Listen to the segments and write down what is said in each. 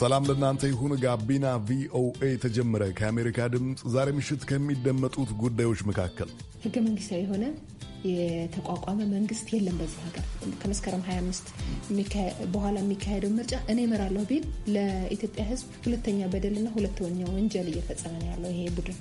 ሰላም ለእናንተ ይሁን። ጋቢና ቪኦኤ ተጀምረ ከአሜሪካ ድምፅ ዛሬ ምሽት ከሚደመጡት ጉዳዮች መካከል ህገ መንግስታዊ የሆነ የተቋቋመ መንግስት የለም በዚህ ሀገር። ከመስከረም 25 በኋላ የሚካሄደው ምርጫ እኔ እመራለሁ ቢል ለኢትዮጵያ ህዝብ ሁለተኛ በደልና ሁለተኛ ወንጀል እየፈጸመ ነው ያለው ይሄ ቡድን።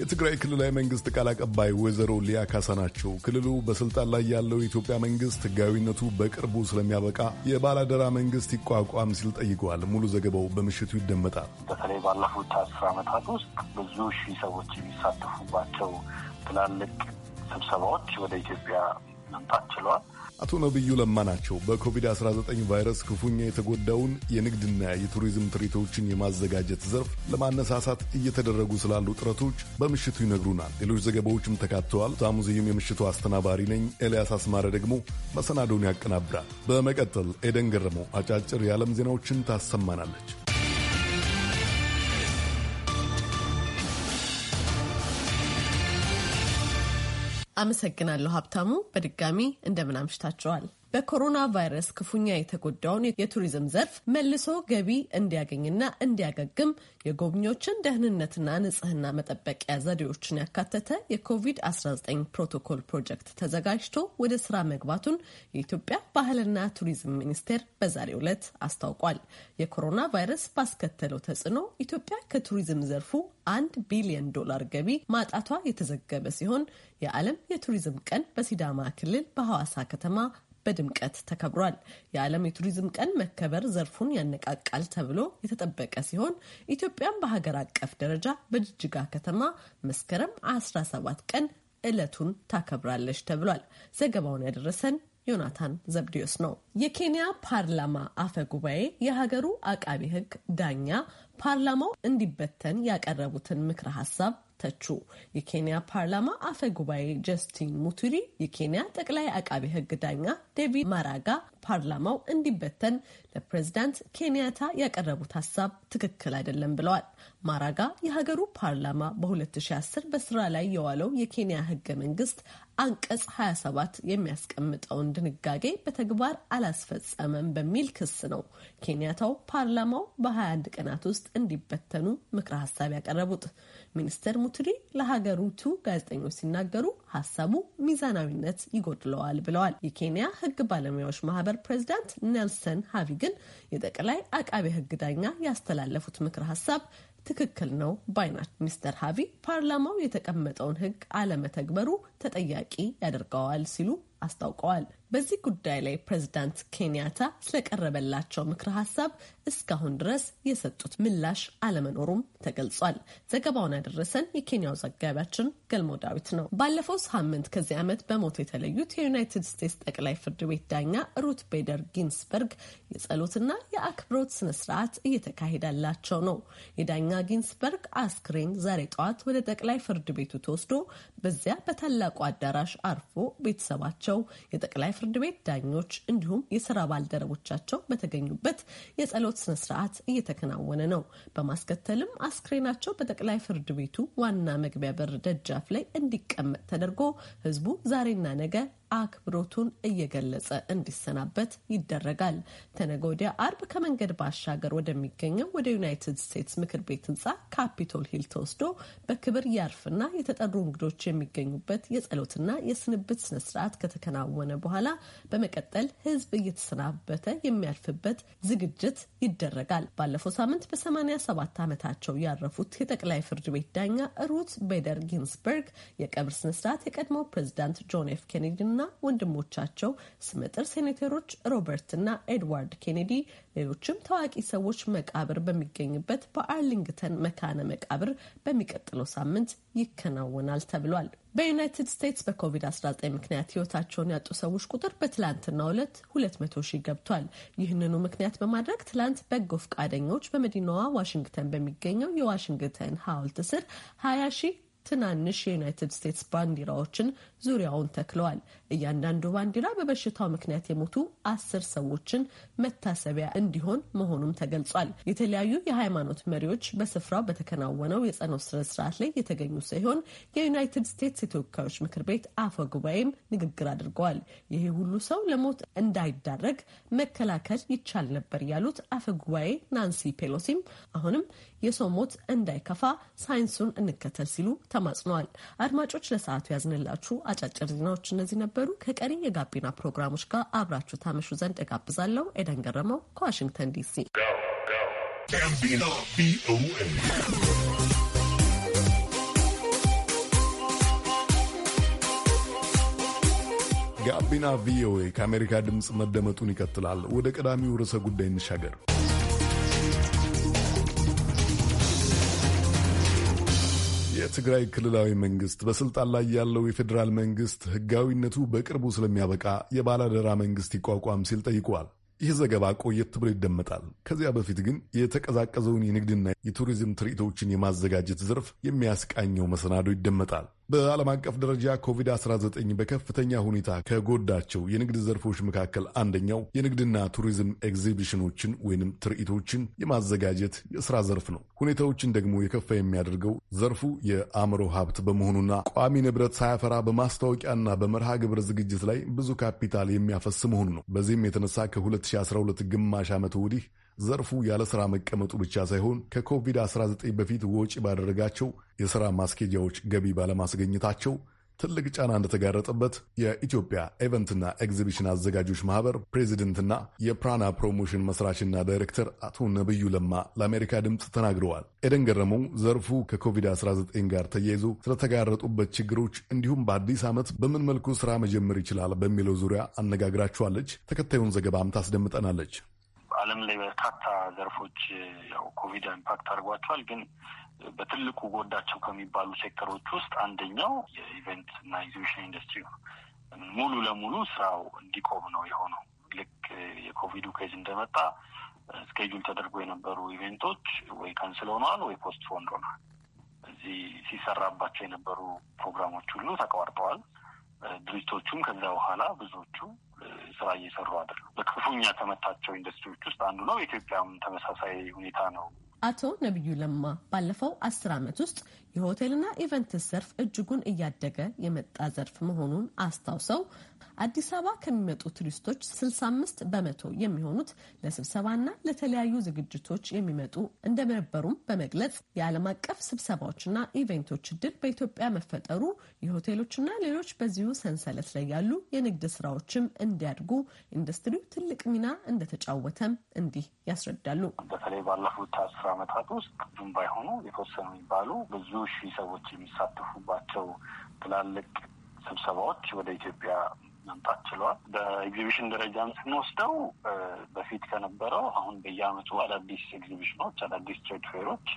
የትግራይ ክልላዊ መንግስት ቃል አቀባይ ወይዘሮ ሊያ ካሳ ናቸው። ክልሉ በስልጣን ላይ ያለው የኢትዮጵያ መንግስት ሕጋዊነቱ በቅርቡ ስለሚያበቃ የባላደራ መንግስት ይቋቋም ሲል ጠይቀዋል። ሙሉ ዘገባው በምሽቱ ይደመጣል። በተለይ ባለፉት አስር ዓመታት ውስጥ ብዙ ሺህ ሰዎች የሚሳተፉባቸው ትላልቅ ስብሰባዎች ወደ ኢትዮጵያ መምጣት ችለዋል። አቶ ነብዩ ለማ ናቸው። በኮቪድ-19 ቫይረስ ክፉኛ የተጎዳውን የንግድና የቱሪዝም ትርኢቶችን የማዘጋጀት ዘርፍ ለማነሳሳት እየተደረጉ ስላሉ ጥረቶች በምሽቱ ይነግሩናል። ሌሎች ዘገባዎችም ተካተዋል። ሙዚየም የምሽቱ አስተናባሪ ነኝ። ኤልያስ አስማረ ደግሞ መሰናዶውን ያቀናብራል። በመቀጠል ኤደን ገረመው አጫጭር የዓለም ዜናዎችን ታሰማናለች። አመሰግናለሁ ሀብታሙ። በድጋሚ እንደምን አምሽታችኋል? በኮሮና ቫይረስ ክፉኛ የተጎዳውን የቱሪዝም ዘርፍ መልሶ ገቢ እንዲያገኝና እንዲያገግም የጎብኚዎችን ደህንነትና ንጽህና መጠበቂያ ዘዴዎችን ያካተተ የኮቪድ-19 ፕሮቶኮል ፕሮጀክት ተዘጋጅቶ ወደ ስራ መግባቱን የኢትዮጵያ ባህልና ቱሪዝም ሚኒስቴር በዛሬው ዕለት አስታውቋል። የኮሮና ቫይረስ ባስከተለው ተጽዕኖ ኢትዮጵያ ከቱሪዝም ዘርፉ አንድ ቢሊዮን ዶላር ገቢ ማጣቷ የተዘገበ ሲሆን የዓለም የቱሪዝም ቀን በሲዳማ ክልል በሐዋሳ ከተማ በድምቀት ተከብሯል። የዓለም የቱሪዝም ቀን መከበር ዘርፉን ያነቃቃል ተብሎ የተጠበቀ ሲሆን ኢትዮጵያን በሀገር አቀፍ ደረጃ በጅጅጋ ከተማ መስከረም 17 ቀን ዕለቱን ታከብራለች ተብሏል። ዘገባውን ያደረሰን ዮናታን ዘብዲዮስ ነው። የኬንያ ፓርላማ አፈ ጉባኤ የሀገሩ አቃቢ ሕግ ዳኛ ፓርላማው እንዲበተን ያቀረቡትን ምክረ ሀሳብ ተቹ። የኬንያ ፓርላማ አፈ ጉባኤ ጀስቲን ሙቱሪ የኬንያ ጠቅላይ አቃቤ ሕግ ዳኛ ዴቪድ ማራጋ ፓርላማው እንዲበተን ለፕሬዝዳንት ኬንያታ ያቀረቡት ሀሳብ ትክክል አይደለም ብለዋል። ማራጋ የሀገሩ ፓርላማ በ2010 በስራ ላይ የዋለው የኬንያ ህገ መንግስት አንቀጽ 27 የሚያስቀምጠውን ድንጋጌ በተግባር አላስፈጸመም በሚል ክስ ነው ኬንያታው ፓርላማው በ21 ቀናት ውስጥ እንዲበተኑ ምክረ ሀሳብ ያቀረቡት። ሚኒስተር ሙቱሪ ለሀገሪቱ ጋዜጠኞች ሲናገሩ ሀሳቡ ሚዛናዊነት ይጎድለዋል ብለዋል። የኬንያ ህግ ባለሙያዎች ማህበር ማህበር ፕሬዚዳንት ኔልሰን ሀቪ ግን የጠቅላይ አቃቤ ህግ ዳኛ ያስተላለፉት ምክር ሀሳብ ትክክል ነው ባይናት ሚስተር ሀቪ ፓርላማው የተቀመጠውን ህግ አለመተግበሩ ተጠያቂ ያደርገዋል ሲሉ አስታውቀዋል። በዚህ ጉዳይ ላይ ፕሬዚዳንት ኬንያታ ስለቀረበላቸው ምክረ ሀሳብ እስካሁን ድረስ የሰጡት ምላሽ አለመኖሩም ተገልጿል። ዘገባውን ያደረሰን የኬንያው ዘጋቢያችን ገልሞ ዳዊት ነው። ባለፈው ሳምንት ከዚህ ዓመት በሞት የተለዩት የዩናይትድ ስቴትስ ጠቅላይ ፍርድ ቤት ዳኛ ሩት ቤደር ጊንስበርግ የጸሎትና የአክብሮት ስነ ስርዓት እየተካሄዳላቸው ነው። የዳኛ ጊንስበርግ አስክሬን ዛሬ ጠዋት ወደ ጠቅላይ ፍርድ ቤቱ ተወስዶ በዚያ በታላቁ አዳራሽ አርፎ ቤተሰባቸው የጠቅላይ ፍርድ ቤት ዳኞች እንዲሁም የስራ ባልደረቦቻቸው በተገኙበት የጸሎት ስነ ስርዓት እየተከናወነ ነው። በማስከተልም አስክሬናቸው በጠቅላይ ፍርድ ቤቱ ዋና መግቢያ በር ደጃፍ ላይ እንዲቀመጥ ተደርጎ ህዝቡ ዛሬና ነገ አክብሮቱን እየገለጸ እንዲሰናበት ይደረጋል። ተነጎዲያ አርብ ከመንገድ ባሻገር ወደሚገኘው ወደ ዩናይትድ ስቴትስ ምክር ቤት ህንፃ ካፒቶል ሂል ተወስዶ በክብር ያርፍና የተጠሩ እንግዶች የሚገኙበት የጸሎትና የስንብት ስነስርዓት ከተከናወነ በኋላ በመቀጠል ህዝብ እየተሰናበተ የሚያልፍበት ዝግጅት ይደረጋል። ባለፈው ሳምንት በ87 ዓመታቸው ያረፉት የጠቅላይ ፍርድ ቤት ዳኛ ሩት ቤደር ጊንስበርግ የቀብር ስነስርዓት የቀድሞው ፕሬዚዳንት ጆን ኤፍ ኬኔዲ እና ወንድሞቻቸው ስመጥር ሴኔተሮች ሮበርትና ኤድዋርድ ኬኔዲ፣ ሌሎችም ታዋቂ ሰዎች መቃብር በሚገኝበት በአርሊንግተን መካነ መቃብር በሚቀጥለው ሳምንት ይከናወናል ተብሏል። በዩናይትድ ስቴትስ በኮቪድ-19 ምክንያት ህይወታቸውን ያጡ ሰዎች ቁጥር በትላንትናው ዕለት 200 ሺህ ገብቷል። ይህንኑ ምክንያት በማድረግ ትላንት በጎ ፈቃደኞች በመዲናዋ ዋሽንግተን በሚገኘው የዋሽንግተን ሐውልት ስር 20 ሺህ ትናንሽ የዩናይትድ ስቴትስ ባንዲራዎችን ዙሪያውን ተክለዋል። እያንዳንዱ ባንዲራ በበሽታው ምክንያት የሞቱ አስር ሰዎችን መታሰቢያ እንዲሆን መሆኑም ተገልጿል። የተለያዩ የሃይማኖት መሪዎች በስፍራው በተከናወነው የጸሎት ስነስርዓት ላይ የተገኙ ሲሆን የዩናይትድ ስቴትስ የተወካዮች ምክር ቤት አፈ ጉባኤም ንግግር አድርገዋል። ይሄ ሁሉ ሰው ለሞት እንዳይዳረግ መከላከል ይቻል ነበር ያሉት አፈ ጉባኤ ናንሲ ፔሎሲም አሁንም የሰው ሞት እንዳይከፋ ሳይንሱን እንከተል ሲሉ ተማጽነዋል። አድማጮች ለሰዓቱ ያዝንላችሁ አጫጭር ዜናዎች እነዚህ ነ።በ ከነበሩ ከቀሪ የጋቢና ፕሮግራሞች ጋር አብራችሁ ታመሹ ዘንድ እጋብዛለሁ። ኤደን ገረመው ከዋሽንግተን ዲሲ። ጋቢና ቪኦኤ ከአሜሪካ ድምፅ መደመጡን ይቀጥላል። ወደ ቀዳሚው ርዕሰ ጉዳይ እንሻገር። የትግራይ ክልላዊ መንግስት በስልጣን ላይ ያለው የፌዴራል መንግስት ህጋዊነቱ በቅርቡ ስለሚያበቃ የባላደራ መንግስት ይቋቋም ሲል ጠይቋል። ይህ ዘገባ ቆየት ብሎ ይደመጣል። ከዚያ በፊት ግን የተቀዛቀዘውን የንግድና የቱሪዝም ትርኢቶችን የማዘጋጀት ዘርፍ የሚያስቃኘው መሰናዶ ይደመጣል። በዓለም አቀፍ ደረጃ ኮቪድ-19 በከፍተኛ ሁኔታ ከጎዳቸው የንግድ ዘርፎች መካከል አንደኛው የንግድና ቱሪዝም ኤግዚቢሽኖችን ወይንም ትርኢቶችን የማዘጋጀት የስራ ዘርፍ ነው። ሁኔታዎችን ደግሞ የከፋ የሚያደርገው ዘርፉ የአእምሮ ሀብት በመሆኑና ቋሚ ንብረት ሳያፈራ በማስታወቂያና በመርሃ ግብር ዝግጅት ላይ ብዙ ካፒታል የሚያፈስ መሆኑ ነው። በዚህም የተነሳ ከ2012 ግማሽ ዓመት ወዲህ ዘርፉ ያለ ስራ መቀመጡ ብቻ ሳይሆን ከኮቪድ-19 በፊት ወጪ ባደረጋቸው የስራ ማስኬጃዎች ገቢ ባለማስገኘታቸው ትልቅ ጫና እንደተጋረጠበት የኢትዮጵያ ኤቨንትና ኤግዚቢሽን አዘጋጆች ማህበር ፕሬዚደንትና የፕራና ፕሮሞሽን መስራችና ዳይሬክተር አቶ ነብዩ ለማ ለአሜሪካ ድምፅ ተናግረዋል። ኤደን ገረመው ዘርፉ ከኮቪድ-19 ጋር ተያይዞ ስለተጋረጡበት ችግሮች እንዲሁም በአዲስ ዓመት በምን መልኩ ስራ መጀመር ይችላል በሚለው ዙሪያ አነጋግራችኋለች። ተከታዩን ዘገባም ታስደምጠናለች። ዓለም ላይ በርካታ ዘርፎች ያው ኮቪድ ኢምፓክት አድርጓቸዋል። ግን በትልቁ ጎዳቸው ከሚባሉ ሴክተሮች ውስጥ አንደኛው የኢቨንት እና ኤግዚቢሽን ኢንዱስትሪ ነው። ሙሉ ለሙሉ ስራው እንዲቆም ነው የሆነው። ልክ የኮቪዱ ኬዝ እንደመጣ ስኬጁል ተደርጎ የነበሩ ኢቨንቶች ወይ ካንስል ሆነዋል ወይ ፖስትፖንድ ሆነዋል። እዚህ ሲሰራባቸው የነበሩ ፕሮግራሞች ሁሉ ተቋርጠዋል። ድርጅቶቹም ከዛ በኋላ ብዙዎቹ ስራ እየሰሩ አይደሉም። በክፉኛ ከመታቸው ኢንዱስትሪዎች ውስጥ አንዱ ነው። ኢትዮጵያም ተመሳሳይ ሁኔታ ነው። አቶ ነቢዩ ለማ ባለፈው አስር ዓመት ውስጥ የሆቴልና ኢቨንትስ ዘርፍ እጅጉን እያደገ የመጣ ዘርፍ መሆኑን አስታውሰው አዲስ አበባ ከሚመጡ ቱሪስቶች 65 በመቶ የሚሆኑት ለስብሰባና ለተለያዩ ዝግጅቶች የሚመጡ እንደነበሩም በመግለጽ የዓለም አቀፍ ስብሰባዎችና ኢቨንቶች እድል በኢትዮጵያ መፈጠሩ የሆቴሎችና ሌሎች በዚሁ ሰንሰለት ላይ ያሉ የንግድ ስራዎችም እንዲያድጉ ኢንዱስትሪው ትልቅ ሚና እንደተጫወተም እንዲህ ያስረዳሉ። በተለይ ባለፉት አስር ዓመታት ውስጥ ብዙም ባይሆኑ የተወሰኑ የሚባሉ ብዙ ሺህ ሰዎች የሚሳተፉባቸው ትላልቅ ስብሰባዎች ወደ ኢትዮጵያ መምጣት ችሏል። በኤግዚቢሽን ደረጃም ስንወስደው በፊት ከነበረው አሁን በየአመቱ አዳዲስ ኤግዚቢሽኖች፣ አዳዲስ ትሬድ ፌሮች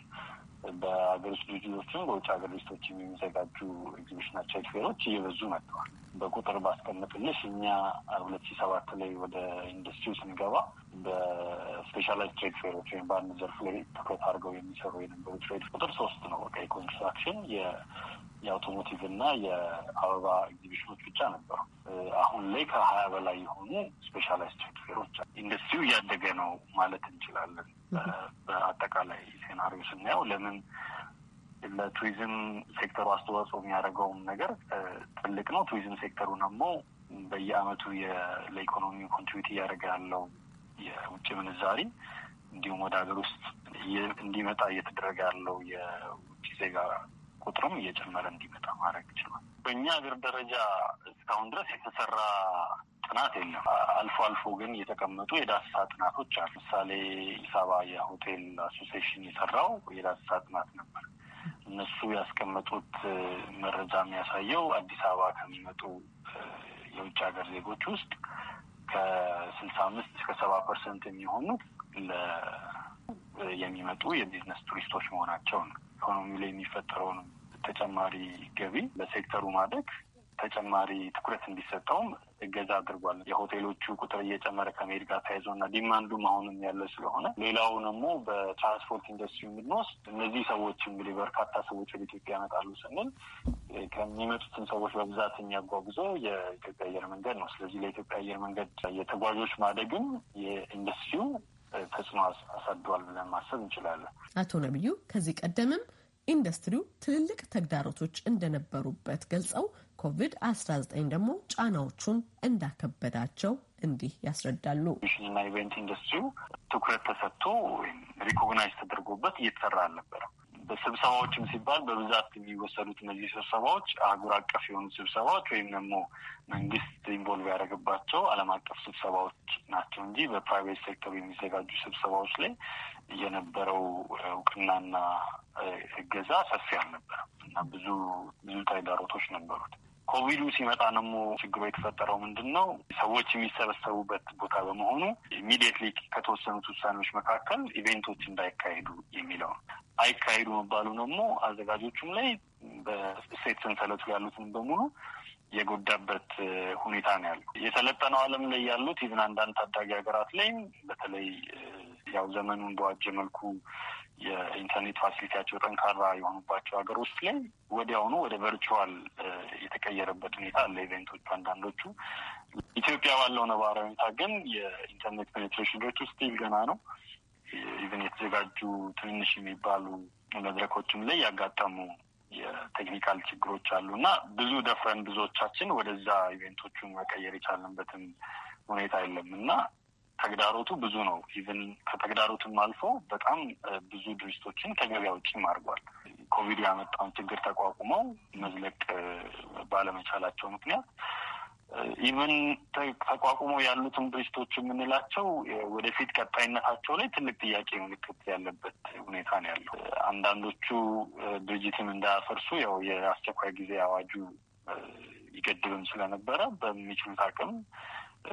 በሀገር ውስጥ ድርጅቶችም በውጭ ሀገር ድርጅቶችም የሚዘጋጁ ኤግዚቢሽንና ትሬድ ፌሮች እየበዙ መጥተዋል። በቁጥር ባስቀምጥልሽ እኛ ሁለት ሺ ሰባት ላይ ወደ ኢንዱስትሪው ስንገባ በስፔሻላይዝ ትሬድ ፌሮች ወይም በአንድ ዘርፍ ላይ ትኩረት አድርገው የሚሰሩ የነበሩ ትሬድ ቁጥር ሶስት ነው። በቃ የኮንስትራክሽን የአውቶሞቲቭ እና የአበባ ኤግዚቢሽኖች ብቻ ነበሩ። አሁን ላይ ከሀያ በላይ የሆኑ ስፔሻላይዝድ ፌሮች ኢንዱስትሪው እያደገ ነው ማለት እንችላለን። በአጠቃላይ ሴናሪዮ ስናየው ለምን ለቱሪዝም ሴክተሩ አስተዋጽኦ የሚያደርገውም ነገር ትልቅ ነው። ቱሪዝም ሴክተሩ ደግሞ በየአመቱ ለኢኮኖሚ ኮንትሪቢዩት እያደረገ ያለው የውጭ ምንዛሪ እንዲሁም ወደ ሀገር ውስጥ እንዲመጣ እየተደረገ ያለው የውጭ ዜጋ ቁጥሩም እየጨመረ እንዲመጣ ማድረግ ይችላል። በእኛ ሀገር ደረጃ እስካሁን ድረስ የተሰራ ጥናት የለም። አልፎ አልፎ ግን የተቀመጡ የዳሰሳ ጥናቶች አሉ። ለምሳሌ ኢሳባ የሆቴል አሶሴሽን የሰራው የዳሰሳ ጥናት ነበር። እነሱ ያስቀመጡት መረጃ የሚያሳየው አዲስ አበባ ከሚመጡ የውጭ ሀገር ዜጎች ውስጥ ከስልሳ አምስት እስከ ሰባ ፐርሰንት የሚሆኑ የሚመጡ የቢዝነስ ቱሪስቶች መሆናቸው ነው። ኢኮኖሚ ላይ የሚፈጠረውን ተጨማሪ ገቢ ለሴክተሩ ማድረግ ተጨማሪ ትኩረት እንዲሰጠውም እገዛ አድርጓል። የሆቴሎቹ ቁጥር እየጨመረ ከመሄድ ጋር ተያይዞ እና ዲማንዱም አሁንም ያለ ስለሆነ፣ ሌላው ደግሞ በትራንስፖርት ኢንዱስትሪ ብንወስድ እነዚህ ሰዎች እንግዲህ በርካታ ሰዎች ወደ ኢትዮጵያ ያመጣሉ ስንል ከሚመጡትን ሰዎች በብዛት የሚያጓጉዘው የኢትዮጵያ አየር መንገድ ነው። ስለዚህ ለኢትዮጵያ አየር መንገድ የተጓዦች ማደግም የኢንዱስትሪው ተጽዕኖ አሳድሯል ብለን ማሰብ እንችላለን። አቶ ነቢዩ ከዚህ ቀደምም ኢንዱስትሪው ትልልቅ ተግዳሮቶች እንደነበሩበት ገልጸው ኮቪድ-19 ደግሞ ጫናዎቹን እንዳከበዳቸው እንዲህ ያስረዳሉ። ሽንና ኢቨንት ኢንዱስትሪው ትኩረት ተሰጥቶ ሪኮግናይዝ ተደርጎበት እየተሰራ አልነበረም። ስብሰባዎችም ሲባል በብዛት የሚወሰዱት እነዚህ ስብሰባዎች አህጉር አቀፍ የሆኑ ስብሰባዎች ወይም ደግሞ መንግስት ኢንቮልቭ ያደረግባቸው ዓለም አቀፍ ስብሰባዎች ናቸው እንጂ በፕራይቬት ሴክተር የሚዘጋጁ ስብሰባዎች ላይ የነበረው እውቅናና እገዛ ሰፊ አልነበረም እና ብዙ ብዙ ተግዳሮቶች ነበሩት። ኮቪዱ ሲመጣ ደግሞ ችግሩ የተፈጠረው ምንድን ነው? ሰዎች የሚሰበሰቡበት ቦታ በመሆኑ ኢሚዲየትሊ ከተወሰኑት ውሳኔዎች መካከል ኢቬንቶች እንዳይካሄዱ የሚለው አይካሄዱ መባሉ ደግሞ አዘጋጆቹም ላይ በእሴት ሰንሰለቱ ያሉትን በሙሉ የጎዳበት ሁኔታ ነው ያሉ የሰለጠነው ዓለም ላይ ያሉት ይዝን አንዳንድ ታዳጊ ሀገራት ላይም በተለይ ያው ዘመኑን በዋጀ መልኩ የኢንተርኔት ፋሲሊቲያቸው ጠንካራ የሆኑባቸው ሀገሮች ላይ ወዲያውኑ ወደ ቨርቹዋል የተቀየረበት ሁኔታ አለ። ኢቨንቶቹ አንዳንዶቹ ኢትዮጵያ ባለው ነባራዊ ሁኔታ ግን የኢንተርኔት ፔኔትሬሽን ሬቱ ስቲል ገና ነው። ኢቨን የተዘጋጁ ትንንሽ የሚባሉ መድረኮችም ላይ ያጋጠሙ የቴክኒካል ችግሮች አሉ እና ብዙ ደፍረን ብዙዎቻችን ወደዛ ኢቨንቶቹን መቀየር የቻለንበትም ሁኔታ የለም እና ተግዳሮቱ ብዙ ነው። ኢቨን ከተግዳሮትም አልፎ በጣም ብዙ ድርጅቶችን ከገበያ ውጭም አድርጓል። ኮቪድ ያመጣውን ችግር ተቋቁመው መዝለቅ ባለመቻላቸው ምክንያት ኢቨን ተቋቁመው ያሉትን ድርጅቶች የምንላቸው ወደፊት ቀጣይነታቸው ላይ ትልቅ ጥያቄ ምልክት ያለበት ሁኔታ ነው ያለው። አንዳንዶቹ ድርጅትም እንዳያፈርሱ ያው የአስቸኳይ ጊዜ አዋጁ ይገድብም ስለነበረ በሚችሉት አቅም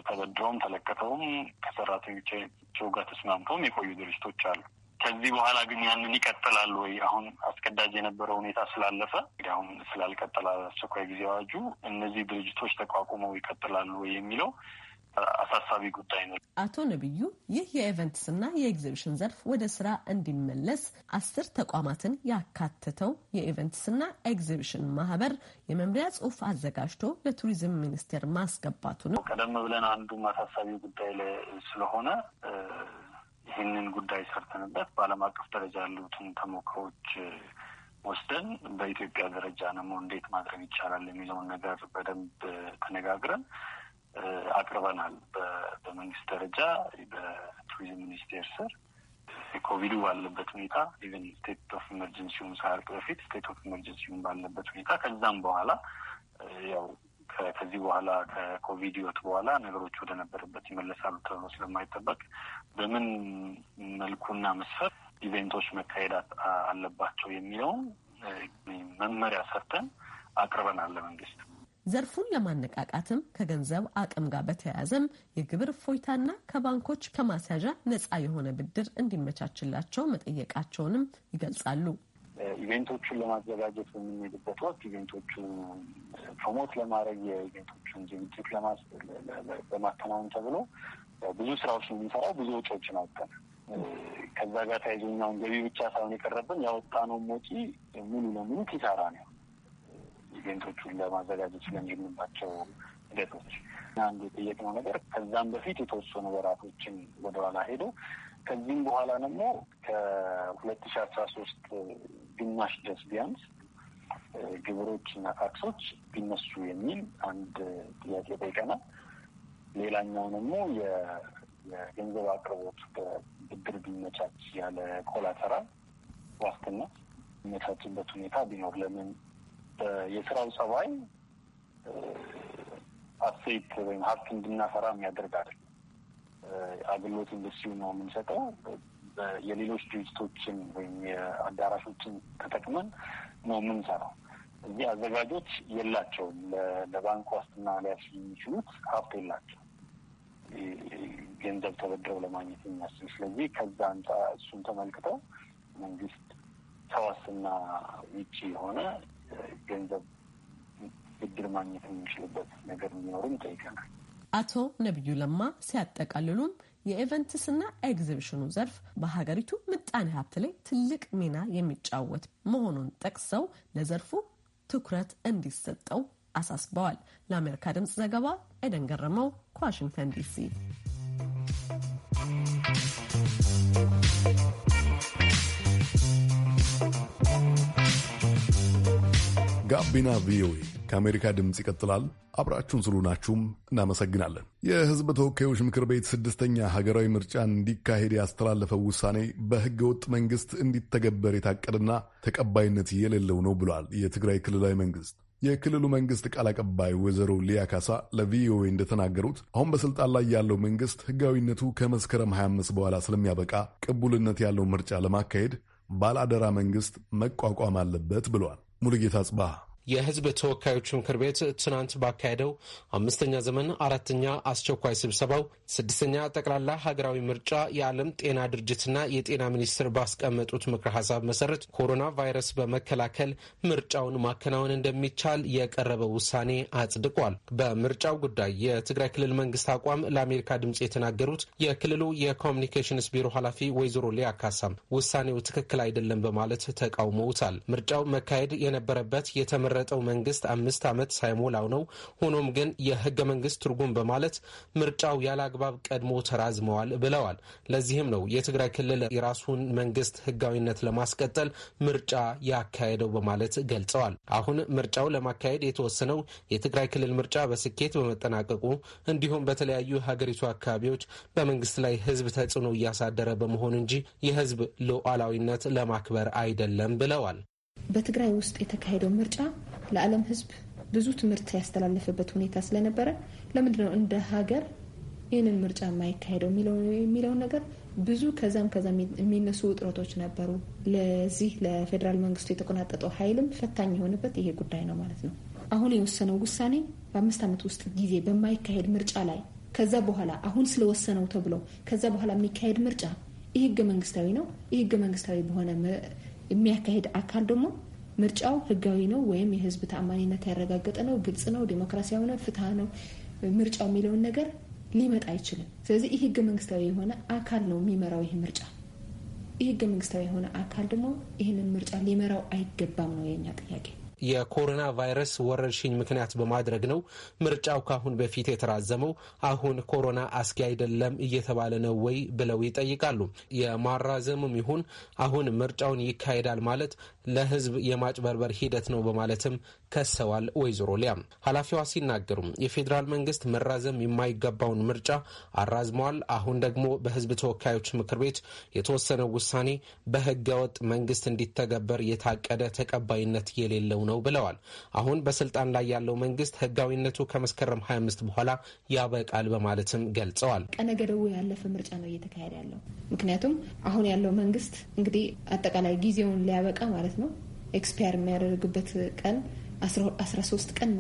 ተበድረውም ተለቀተውም ከሰራተኞቻቸው ጋር ተስማምተውም የቆዩ ድርጅቶች አሉ። ከዚህ በኋላ ግን ያንን ይቀጥላሉ ወይ? አሁን አስገዳጅ የነበረ ሁኔታ ስላለፈ አሁን ስላልቀጠለ አስቸኳይ ጊዜ አዋጁ እነዚህ ድርጅቶች ተቋቁመው ይቀጥላሉ ወይ የሚለው አሳሳቢ ጉዳይ ነው። አቶ ነቢዩ ይህ የኢቨንትስ እና የኤግዚቢሽን ዘርፍ ወደ ስራ እንዲመለስ አስር ተቋማትን ያካተተው የኢቨንትስ እና ኤግዚቢሽን ማህበር የመምሪያ ጽሁፍ አዘጋጅቶ ለቱሪዝም ሚኒስቴር ማስገባቱ ነው። ቀደም ብለን አንዱ አሳሳቢ ጉዳይ ስለሆነ ይህንን ጉዳይ ሰርተንበት በዓለም አቀፍ ደረጃ ያሉትን ተሞክሮዎች ወስደን በኢትዮጵያ ደረጃ ደግሞ እንዴት ማድረግ ይቻላል የሚለውን ነገር በደንብ ተነጋግረን አቅርበናል። በመንግስት ደረጃ በቱሪዝም ሚኒስቴር ስር የኮቪዱ ባለበት ሁኔታ ኢቨን ስቴት ኦፍ ኢመርጀንሲውን ሳያልቅ በፊት ስቴት ኦፍ ኢመርጀንሲውን ባለበት ሁኔታ ከዛም በኋላ ያው ከዚህ በኋላ ከኮቪድ ህይወት በኋላ ነገሮች ወደ ነበረበት ይመለሳሉ ተብሎ ስለማይጠበቅ በምን መልኩና መስፈርት ኢቬንቶች መካሄድ አለባቸው የሚለውን መመሪያ ሰርተን አቅርበናል ለመንግስት። ዘርፉን ለማነቃቃትም ከገንዘብ አቅም ጋር በተያያዘም የግብር እፎይታና ከባንኮች ከማስያዣ ነፃ የሆነ ብድር እንዲመቻችላቸው መጠየቃቸውንም ይገልጻሉ። ኢቬንቶቹን ለማዘጋጀት በምንሄድበት ወቅት ኢቬንቶቹ ፕሮሞት ለማድረግ የኢቬንቶቹን ዝግጅት ለማከናወን ተብሎ ብዙ ስራዎች ነው የምንሰራው። ብዙ ወጪዎችን አወጣን። ከዛ ጋር ተያይዞኛውን ገቢ ብቻ ሳይሆን የቀረብን ያወጣነው ወጪ ሙሉ ለሙሉ ኪሳራ ነው። ኢቬንቶቹን ለማዘጋጀት ስለሚልንባቸው ሂደቶች አንዱ የጠየቅነው ነገር ከዛም በፊት የተወሰኑ ወራቶችን ወደኋላ ሄዶ ከዚህም በኋላ ደግሞ ከሁለት ሺ አስራ ሶስት ግማሽ ድረስ ቢያንስ ግብሮች እና ታክሶች ቢነሱ የሚል አንድ ጥያቄ ጠይቀናል። ሌላኛው ደግሞ የገንዘብ አቅርቦት በብድር ቢመቻች ያለ ኮላተራል ዋስትና የሚመቻችበት ሁኔታ ቢኖር ለምን የስራው ጸባይ አሴት ወይም ሀብት እንድናፈራ የሚያደርግ አይደለም። አገልግሎት ኢንዱስትሪ ነው የምንሰጠው። የሌሎች ድርጅቶችን ወይም የአዳራሾችን ተጠቅመን ነው የምንሰራው። እዚህ አዘጋጆች የላቸውም። ለባንክ ዋስትና ሊያስ የሚችሉት ሀብት የላቸው ገንዘብ ተበድረው ለማግኘት የሚያስችል። ስለዚህ ከዛ አንጻ እሱን ተመልክተው መንግስት ከዋስትና ውጭ የሆነ ገንዘብ ብድር ማግኘት የሚችልበት ነገር እንዲኖርም ጠይቀናል። አቶ ነቢዩ ለማ ሲያጠቃልሉም ና ኤግዚቢሽኑ ዘርፍ በሀገሪቱ ምጣኔ ሀብት ላይ ትልቅ ሚና የሚጫወት መሆኑን ጠቅሰው ለዘርፉ ትኩረት እንዲሰጠው አሳስበዋል። ለአሜሪካ ድምፅ ዘገባ ኤደን ገረመው ከዋሽንግተን ዲሲ። ጋቢና ቪኦኤ ከአሜሪካ ድምፅ ይቀጥላል። አብራችሁን ስለሆናችሁም እናመሰግናለን። የሕዝብ ተወካዮች ምክር ቤት ስድስተኛ ሀገራዊ ምርጫ እንዲካሄድ ያስተላለፈው ውሳኔ በሕገ ወጥ መንግስት እንዲተገበር የታቀደና ተቀባይነት የሌለው ነው ብሏል የትግራይ ክልላዊ መንግስት የክልሉ መንግስት ቃል አቀባይ ወይዘሮ ሊያ ካሳ ለቪኦኤ እንደተናገሩት አሁን በስልጣን ላይ ያለው መንግስት ህጋዊነቱ ከመስከረም 25 በኋላ ስለሚያበቃ ቅቡልነት ያለው ምርጫ ለማካሄድ ባለአደራ መንግስት መቋቋም አለበት ብለዋል። ሙሉጌታ ጽባህ የህዝብ ተወካዮች ምክር ቤት ትናንት ባካሄደው አምስተኛ ዘመን አራተኛ አስቸኳይ ስብሰባው ስድስተኛ ጠቅላላ ሀገራዊ ምርጫ የዓለም ጤና ድርጅትና የጤና ሚኒስትር ባስቀመጡት ምክር ሀሳብ መሰረት ኮሮና ቫይረስ በመከላከል ምርጫውን ማከናወን እንደሚቻል የቀረበው ውሳኔ አጽድቋል። በምርጫው ጉዳይ የትግራይ ክልል መንግስት አቋም ለአሜሪካ ድምፅ የተናገሩት የክልሉ የኮሚኒኬሽንስ ቢሮ ኃላፊ ወይዘሮ ሊያ ካሳም ውሳኔው ትክክል አይደለም በማለት ተቃውመውታል። ምርጫው መካሄድ የነበረበት የተመረ የተመረጠው መንግስት አምስት ዓመት ሳይሞላው ነው። ሆኖም ግን የህገ መንግስት ትርጉም በማለት ምርጫው ያለ አግባብ ቀድሞ ተራዝመዋል ብለዋል። ለዚህም ነው የትግራይ ክልል የራሱን መንግስት ህጋዊነት ለማስቀጠል ምርጫ ያካሄደው በማለት ገልጸዋል። አሁን ምርጫው ለማካሄድ የተወሰነው የትግራይ ክልል ምርጫ በስኬት በመጠናቀቁ እንዲሁም በተለያዩ የሀገሪቱ አካባቢዎች በመንግስት ላይ ህዝብ ተጽዕኖ እያሳደረ በመሆኑ እንጂ የህዝብ ሉዓላዊነት ለማክበር አይደለም ብለዋል። በትግራይ ውስጥ የተካሄደው ምርጫ ለዓለም ሕዝብ ብዙ ትምህርት ያስተላለፈበት ሁኔታ ስለነበረ ለምንድነው እንደ ሀገር ይህንን ምርጫ የማይካሄደው የሚለውን ነገር ብዙ ከዛም ከዛ የሚነሱ ውጥረቶች ነበሩ። ለዚህ ለፌዴራል መንግስቱ የተቆናጠጠው ኃይልም ፈታኝ የሆነበት ይሄ ጉዳይ ነው ማለት ነው። አሁን የወሰነው ውሳኔ በአምስት ዓመት ውስጥ ጊዜ በማይካሄድ ምርጫ ላይ ከዛ በኋላ አሁን ስለወሰነው ተብሎ ከዛ በኋላ የሚካሄድ ምርጫ ይህ ህገ መንግስታዊ ነው። ይህ ህገ መንግስታዊ በሆነ የሚያካሄድ አካል ደግሞ ምርጫው ህጋዊ ነው ወይም የህዝብ ተአማኒነት ያረጋገጠ ነው፣ ግልጽ ነው፣ ዴሞክራሲያዊ ነው፣ ፍትሀ ነው ምርጫው የሚለውን ነገር ሊመጣ አይችልም። ስለዚህ ይህ ህገ መንግስታዊ የሆነ አካል ነው የሚመራው ይህ ምርጫ። ይህ ህገ መንግስታዊ የሆነ አካል ደግሞ ይህንን ምርጫ ሊመራው አይገባም ነው የኛ ጥያቄ። የኮሮና ቫይረስ ወረርሽኝ ምክንያት በማድረግ ነው ምርጫው ካሁን በፊት የተራዘመው። አሁን ኮሮና አስጊ አይደለም እየተባለ ነው ወይ ብለው ይጠይቃሉ። የማራዘምም ይሁን አሁን ምርጫውን ይካሄዳል ማለት ለህዝብ የማጭበርበር ሂደት ነው በማለትም ከሰዋል። ወይዘሮ ሊያም ኃላፊዋ ሲናገሩም የፌዴራል መንግስት መራዘም የማይገባውን ምርጫ አራዝመዋል። አሁን ደግሞ በህዝብ ተወካዮች ምክር ቤት የተወሰነው ውሳኔ በህገወጥ መንግስት እንዲተገበር የታቀደ ተቀባይነት የሌለው ነው ብለዋል። አሁን በስልጣን ላይ ያለው መንግስት ህጋዊነቱ ከመስከረም 25 በኋላ ያበቃል በማለትም ገልጸዋል። ቀነገደቡ ያለፈ ምርጫ ነው እየተካሄደ ያለው። ምክንያቱም አሁን ያለው መንግስት እንግዲህ አጠቃላይ ጊዜውን ሊያበቃ ማለት ነው። ኤክስፓየር የሚያደርግበት ቀን 13 ቀን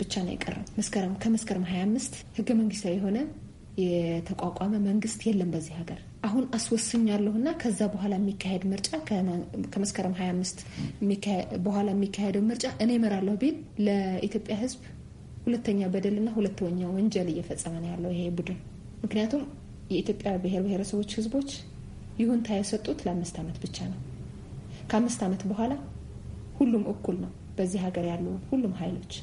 ብቻ ነው የቀረው መስከረም ከመስከረም 25 ህገ መንግስታዊ የሆነ የተቋቋመ መንግስት የለም በዚህ ሀገር። አሁን እና ከዛ በኋላ የሚካሄድ ምርጫ ከመስከረም 25 በኋላ የሚካሄደው ምርጫ እኔ እመራለሁ ቢል ለኢትዮጵያ ሕዝብ ሁለተኛ በደልና ሁለተኛ ወንጀል እየፈጸመ ነው ያለው ይሄ ቡድን። ምክንያቱም የኢትዮጵያ ብሔር ብሔረሰቦች ሕዝቦች ይሁንታ የሰጡት ለአምስት ዓመት ብቻ ነው። ከአምስት ዓመት በኋላ ሁሉም እኩል ነው በዚህ ሀገር ያሉ ሁሉም ኃይሎች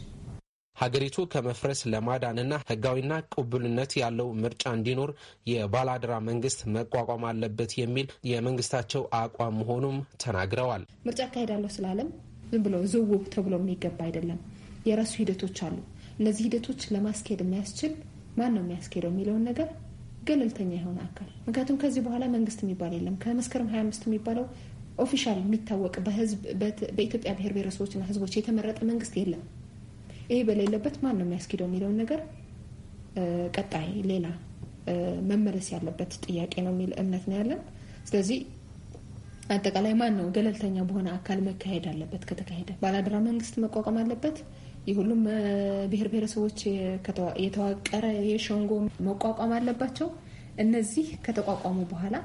ሀገሪቱ ከመፍረስ ለማዳንና ህጋዊና ቅቡልነት ያለው ምርጫ እንዲኖር የባላድራ መንግስት መቋቋም አለበት የሚል የመንግስታቸው አቋም መሆኑም ተናግረዋል። ምርጫ አካሄዳለሁ ስላለም ዝም ብሎ ዝውብ ተብሎ የሚገባ አይደለም። የራሱ ሂደቶች አሉ። እነዚህ ሂደቶች ለማስኬድ የሚያስችል ማን ነው የሚያስኬደው የሚለውን ነገር ገለልተኛ የሆነ አካል ምክንያቱም ከዚህ በኋላ መንግስት የሚባል የለም። ከመስከረም 25 የሚባለው ኦፊሻል የሚታወቅ በህዝብ በኢትዮጵያ ብሔር ብሔረሰቦችና ህዝቦች የተመረጠ መንግስት የለም። ይሄ በሌለበት ማን ነው የሚያስኪደው የሚለውን ነገር ቀጣይ ሌላ መመለስ ያለበት ጥያቄ ነው የሚል እምነት ነው ያለን። ስለዚህ አጠቃላይ ማን ነው ገለልተኛ በሆነ አካል መካሄድ አለበት። ከተካሄደ ባላደራ መንግስት መቋቋም አለበት። የሁሉም ብሔር ብሔረሰቦች የተዋቀረ የሸንጎ መቋቋም አለባቸው። እነዚህ ከተቋቋሙ በኋላ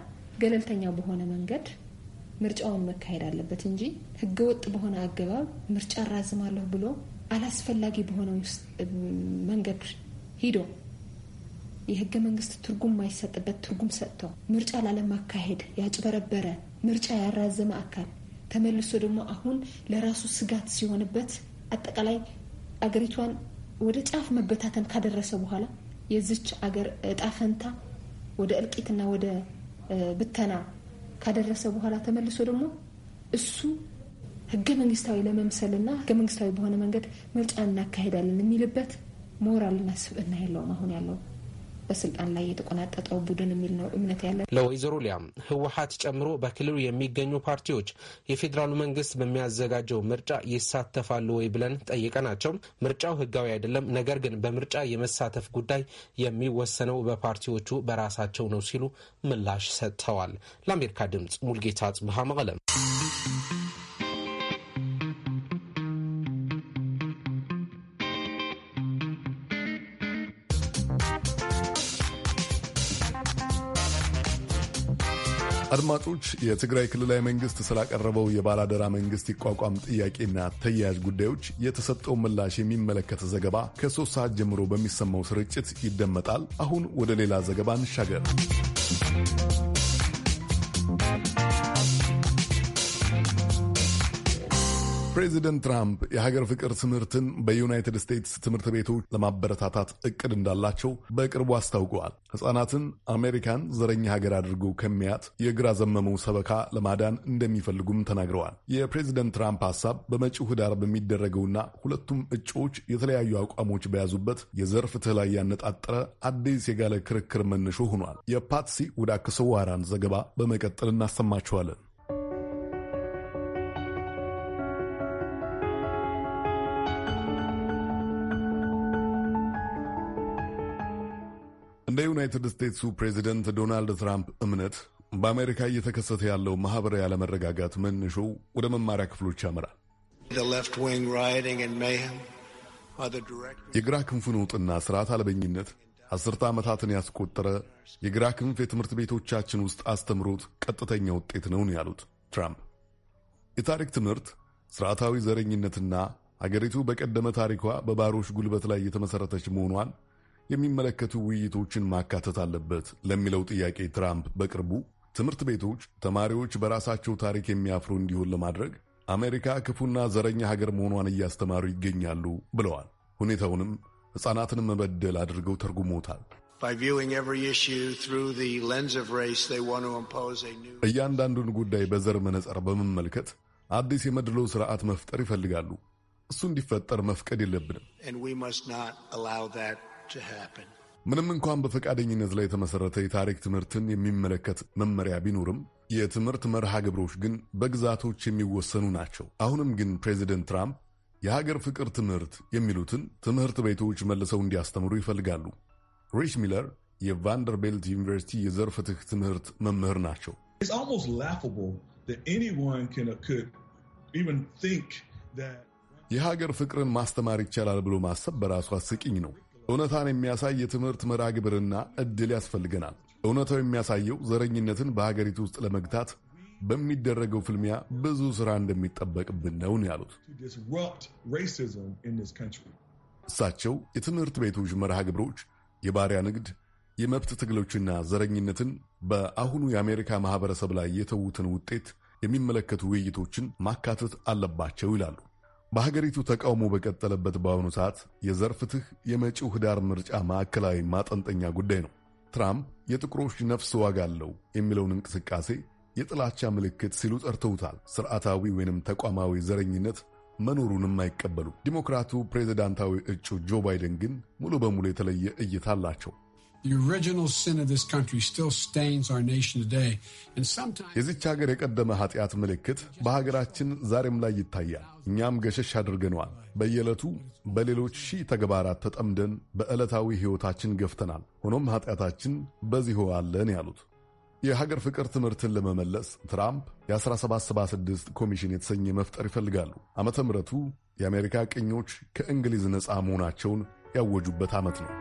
ገለልተኛ በሆነ መንገድ ምርጫውን መካሄድ አለበት እንጂ ህገወጥ በሆነ አገባብ ምርጫ እራዝማለሁ ብሎ አላስፈላጊ በሆነው መንገድ ሂዶ የህገ መንግስት ትርጉም ማይሰጥበት ትርጉም ሰጥተው ምርጫ ላለማካሄድ ያጭበረበረ ምርጫ ያራዘመ አካል ተመልሶ ደግሞ አሁን ለራሱ ስጋት ሲሆንበት አጠቃላይ አገሪቷን ወደ ጫፍ መበታተን ካደረሰ በኋላ የዚች አገር እጣ ፈንታ ወደ እልቂትና ወደ ብተና ካደረሰ በኋላ ተመልሶ ደግሞ እሱ ህገ መንግስታዊ ለመምሰልና ህገ መንግስታዊ በሆነ መንገድ ምርጫ እናካሄዳለን የሚልበት ሞራልና ስብዕና የለውም አሁን ያለው በስልጣን ላይ የተቆናጠጠው ቡድን የሚል ነው እምነት ያለ ለወይዘሮ ሊያም ህወሀት ጨምሮ በክልሉ የሚገኙ ፓርቲዎች የፌዴራሉ መንግስት በሚያዘጋጀው ምርጫ ይሳተፋሉ ወይ ብለን ጠይቀናቸው ምርጫው ህጋዊ አይደለም፣ ነገር ግን በምርጫ የመሳተፍ ጉዳይ የሚወሰነው በፓርቲዎቹ በራሳቸው ነው ሲሉ ምላሽ ሰጥተዋል። ለአሜሪካ ድምጽ ሙልጌታ ጽብሃ መቀለም አድማጮች የትግራይ ክልላዊ መንግስት ስላቀረበው የባላደራ መንግስት ይቋቋም ጥያቄና ተያያዥ ጉዳዮች የተሰጠው ምላሽ የሚመለከት ዘገባ ከሶስት ሰዓት ጀምሮ በሚሰማው ስርጭት ይደመጣል። አሁን ወደ ሌላ ዘገባ እንሻገር። ፕሬዚደንት ትራምፕ የሀገር ፍቅር ትምህርትን በዩናይትድ ስቴትስ ትምህርት ቤቶች ለማበረታታት እቅድ እንዳላቸው በቅርቡ አስታውቀዋል። ሕፃናትን አሜሪካን ዘረኛ ሀገር አድርጎ ከሚያት የግራ ዘመመው ሰበካ ለማዳን እንደሚፈልጉም ተናግረዋል። የፕሬዚደንት ትራምፕ ሀሳብ በመጪው ህዳር በሚደረገውና ሁለቱም እጩዎች የተለያዩ አቋሞች በያዙበት የዘር ፍትህ ላይ ያነጣጠረ አዲስ የጋለ ክርክር መነሾ ሆኗል። የፓትሲ ወደ አክሰዋራን ዘገባ በመቀጠል እናሰማችኋለን። እንደ ዩናይትድ ስቴትሱ ፕሬዚደንት ዶናልድ ትራምፕ እምነት በአሜሪካ እየተከሰተ ያለው ማኅበራዊ ያለመረጋጋት መነሾ ወደ መማሪያ ክፍሎች ያመራል። የግራ ክንፉ ነውጥና ስርዓት አልበኝነት አስርተ ዓመታትን ያስቆጠረ የግራ ክንፍ የትምህርት ቤቶቻችን ውስጥ አስተምሮት ቀጥተኛ ውጤት ነውን ያሉት ትራምፕ የታሪክ ትምህርት ስርዓታዊ ዘረኝነትና አገሪቱ በቀደመ ታሪኳ በባሮች ጉልበት ላይ የተመሠረተች መሆኗን የሚመለከቱ ውይይቶችን ማካተት አለበት ለሚለው ጥያቄ ትራምፕ በቅርቡ ትምህርት ቤቶች ተማሪዎች በራሳቸው ታሪክ የሚያፍሩ እንዲሆን ለማድረግ አሜሪካ ክፉና ዘረኛ ሀገር መሆኗን እያስተማሩ ይገኛሉ ብለዋል። ሁኔታውንም ሕፃናትን መበደል አድርገው ተርጉሞታል። እያንዳንዱን ጉዳይ በዘር መነጽር በመመልከት አዲስ የመድሎ ስርዓት መፍጠር ይፈልጋሉ። እሱ እንዲፈጠር መፍቀድ የለብንም። ምንም እንኳን በፈቃደኝነት ላይ የተመሠረተ የታሪክ ትምህርትን የሚመለከት መመሪያ ቢኖርም የትምህርት መርሃ ግብሮች ግን በግዛቶች የሚወሰኑ ናቸው። አሁንም ግን ፕሬዚደንት ትራምፕ የሀገር ፍቅር ትምህርት የሚሉትን ትምህርት ቤቶች መልሰው እንዲያስተምሩ ይፈልጋሉ። ሪች ሚለር የቫንደርቤልት ዩኒቨርሲቲ የዘር ፍትህ ትምህርት መምህር ናቸው። የሀገር ፍቅርን ማስተማር ይቻላል ብሎ ማሰብ በራሱ አስቂኝ ነው። እውነታን የሚያሳይ የትምህርት መርሃ ግብርና እድል ያስፈልገናል። እውነታው የሚያሳየው ዘረኝነትን በሀገሪቱ ውስጥ ለመግታት በሚደረገው ፍልሚያ ብዙ ሥራ እንደሚጠበቅብን ነው ያሉት እሳቸው። የትምህርት ቤቶች መርሃ ግብሮች የባሪያ ንግድ፣ የመብት ትግሎችና ዘረኝነትን በአሁኑ የአሜሪካ ማኅበረሰብ ላይ የተዉትን ውጤት የሚመለከቱ ውይይቶችን ማካተት አለባቸው ይላሉ። በሀገሪቱ ተቃውሞ በቀጠለበት በአሁኑ ሰዓት የዘር ፍትህ የመጪው ህዳር ምርጫ ማዕከላዊ ማጠንጠኛ ጉዳይ ነው። ትራምፕ የጥቁሮች ነፍስ ዋጋ አለው የሚለውን እንቅስቃሴ የጥላቻ ምልክት ሲሉ ጠርተውታል። ስርዓታዊ ወይንም ተቋማዊ ዘረኝነት መኖሩንም አይቀበሉ። ዲሞክራቱ ፕሬዚዳንታዊ እጩ ጆ ባይደን ግን ሙሉ በሙሉ የተለየ እይታ አላቸው። የዚች ሀገር የቀደመ ኃጢአት ምልክት በሀገራችን ዛሬም ላይ ይታያል። እኛም ገሸሽ አድርገነዋል። በየዕለቱ በሌሎች ሺህ ተግባራት ተጠምደን በዕለታዊ ሕይወታችን ገፍተናል። ሆኖም ኃጢአታችን በዚህ አለን ያሉት የሀገር ፍቅር ትምህርትን ለመመለስ ትራምፕ የ1776 ኮሚሽን የተሰኘ መፍጠር ይፈልጋሉ። ዓመተ ምሕረቱ የአሜሪካ ቅኞች ከእንግሊዝ ነፃ መሆናቸውን ያወጁበት ዓመት ነው።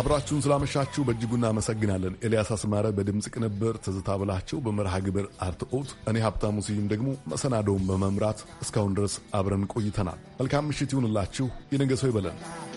አብራችሁን ስላመሻችሁ በእጅጉ እናመሰግናለን። ኤልያስ አስማረ በድምፅ ቅንብር፣ ትዝታ ብላቸው በመርሃ ግብር አርትኦት፣ እኔ ሀብታሙ ስዩም ደግሞ መሰናዶውን በመምራት እስካሁን ድረስ አብረን ቆይተናል። መልካም ምሽት ይሁንላችሁ። የነገ ሰው ይበለን።